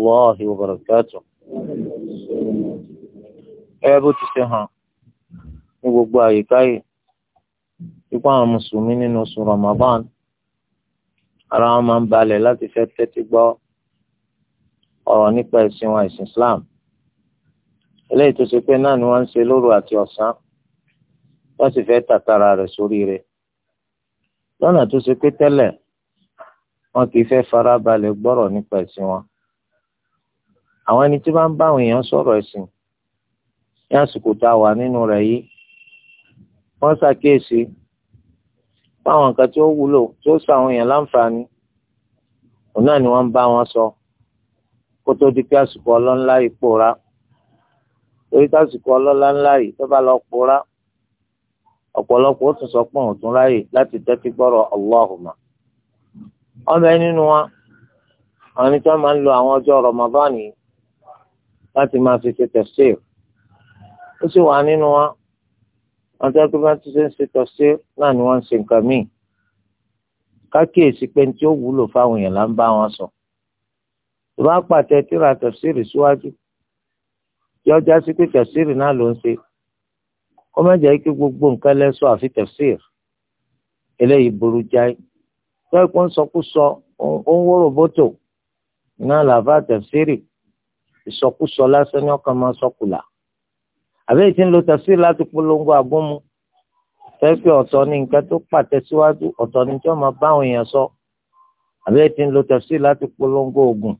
الله وبركاته ẹ bó ti ṣe hàn ní gbogbo àyíká yìí ipá àwọn mùsùlùmí nínú oṣù Ramadan ara wọn máa ń balẹ̀ láti fẹ́ tẹ́tí gbọ́ ọ̀rọ̀ nípa ẹ̀sìn wọn ẹ̀sìn Islam eléyìí tó ṣe pé náà ni wọ́n ń ṣe lóru àti ọ̀sán wọ́n sì fẹ́ tàtàrà rẹ̀ sórí rẹ̀ lọ́nà tó ṣe pé tẹ́lẹ̀ wọn kì í fẹ́ farabalẹ̀ gbọ́rọ̀ nípa ẹ̀sìn wọn àwọn ẹni tí bá ń bá àwọn èèyàn sọ̀rọ̀ ẹ̀sìn ní àsìkò tá a wà nínú rẹ̀ yìí wọ́n ṣàkíyèsí fáwọn nǹkan tí ó wúlò tí ó sọ àwọn èèyàn láǹfààní òun náà ni wọ́n ń bá wọn sọ kó tó di pé àsìkò ọlọ́nlá yìí pòórá torí tásìkò ọlọ́lá ńlá yìí tó bá lọ pòórá ọ̀pọ̀lọpọ̀ ó tún sọ pé òun tún ráyè láti tẹ́tí gbọ́rọ̀ Allahumma ọmọ ẹ nínú wa àwọn ẹni tí wọ́n máa ń lo àwọn ọjọ́ Ramadan yìí láti máa fi ṣe tẹ̀síìr ó sì wà nínú wa wọn tẹ́ pé bá ti ṣe ń ṣe tẹ̀síìr náà ni wọ́n ń ṣe nǹkan míì kákíyèsí pé tí ó wúlò fáwọn èèyàn là ń bá wọn sọ tó bá pàtẹ tíra tẹ̀síìr síwájú tí ọjà sí pé tẹ̀síìr náà ló ń ṣe kó má jẹ́ kí gbogbo nǹkan lẹ́sọ àfi tẹ̀síìr eléyìí burú jáì tó ẹ̀kọ́ sọkúsọ ó ń wóró bótò náà làbá tẹ̀síìrì ìsọkúsọ lásán ní ọkàn máa sọkùlà àbẹ́yìí tí ń lo tẹ̀sí láti polongo àgbọ́mu fẹ́ẹ́fẹ́ ọ̀tọ̀ ní nǹkan tó pàtẹ síwájú ọ̀tọ̀ ní tí wọ́n máa bá àwọn èèyàn sọ àbẹ́yìí tí ń lo tẹ̀sí láti polongo oògùn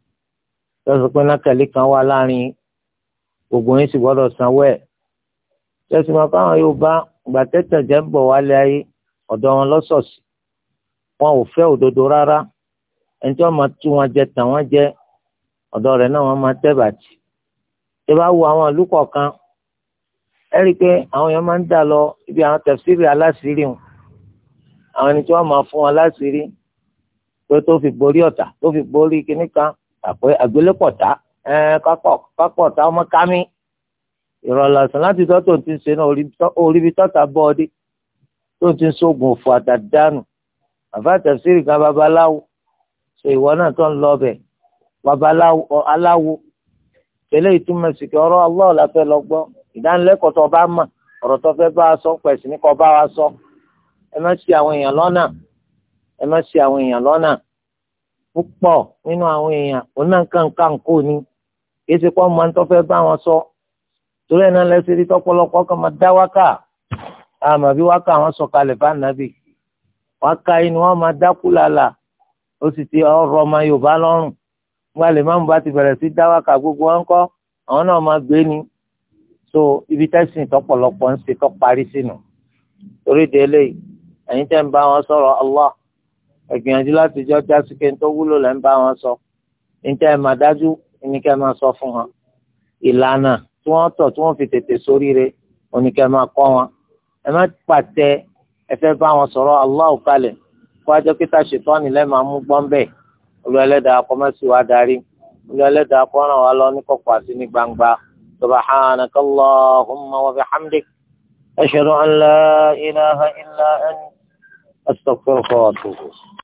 tẹ́sí pé nákàlí kan wà láàrin oògùn yìí sì gbọ́dọ̀ sanwó ẹ̀ tẹ́sí máa báwọn Yorùbá gbàtẹ́tẹ̀ jẹ́ ń bọ̀ wálé ayé ọ̀dọ̀ wọn lọ́sọ̀ọ̀sì wọn ò fẹ́ òdodo rárá ẹni tí wọ́n máa tú wọn jẹ tàn wọ́n ọ̀dọ̀ rẹ̀ náà wọ́n máa tẹ́bà tì tí bá wo àwọn ìlú kọ̀ọ̀kan ẹ rí i pé àwọn èèyàn máa ń dà lọ ibi àwọn tẹ̀síìrì aláṣìírí wọn àwọn ẹni tí wọ́n máa fún wọn láṣìírí pé tó fi borí ọ̀tá tó fi borí kinní kan àpé àgbélépọ̀tá kápọ̀tá ọmọ kámi ìrọ̀lọ́sàn láti tọ́ tó ti ń ṣe náà orí bí tọ́ta bọ́ọ̀dé tó ti ń sógun òfò àtàdánù àbá tẹ̀síìrì kan babaláwo ṣe ìwọ náà tó ń lọ bẹ́ẹ̀ babaláwo aláwo tẹ́lẹ̀ ìtumọ̀ sí kí ọ̀rọ̀ la fẹ́ lọ gbọ́ ìdánilẹ́kọ̀ọ́ tó bá mọ̀ ọ̀rọ̀ tó fẹ́ bá a sọ pẹ̀sì ní kó bá wa sọ ẹ má ṣì àwọn èèyàn lọ́nà ẹ má ṣì àwọn èèyàn lọ́nà púpọ̀ nínú àwọn èèyàn onáǹkàǹkàǹ kò ní kí ṣe kó máa ń tó fẹ́ bá wọn sọ torí ẹ̀ náà lẹ́sẹ̀ rí tọ́pọ̀lọpọ̀ kan máa dá wákà àmọ́ bí wákà wọn sọ kalẹ̀ bá nàbì wákà yìí ni wọ́n máa dákú làlà ó sì ti ọ̀rọ̀ ọmọ Yorùbá lọ́rùn nígbà lè má mú bá ti bẹ̀rẹ̀ sí dáwàkà gbogbo wọn kọ́ àwọn náà máa gbé ni so ibi tẹ́sìn tọ́pọ̀lọpọ̀ ń ṣe tọ́ parí sínú torí délé ẹ̀yin tẹ́ ń bá wọn sọ̀rọ̀ Allah ẹ̀gbìyànjú láti jọ jásí kí n tó wúlò lẹ́ ń bá wọn sọ ní tẹ́ ẹ máa dájú ní kẹ́ máa sọ fún wọn ìlànà tí wọ́n tọ̀ tí wọ́n fi tètè sóríire oníkẹ́ máa kọ́ wọn ẹ má pàtẹ ẹ fẹ́ bá wọn sọ̀rọ̀ Allah kalẹ̀ kó ajọ́ kíta ṣètọ́ni lẹ́ẹ̀ máa mú gbọ́n bẹ́ẹ̀ olùwẹ̀lẹ́dàá akọ́mọ́sí wa darí olùwẹ̀lẹ́dàá akọ́ràn wa lọ ní kọ̀kọ̀ àti ní gbangba subhanaka allahumma wa bihamdik ashhadu an la ilaha illa anta astaghfiruka wa atubu.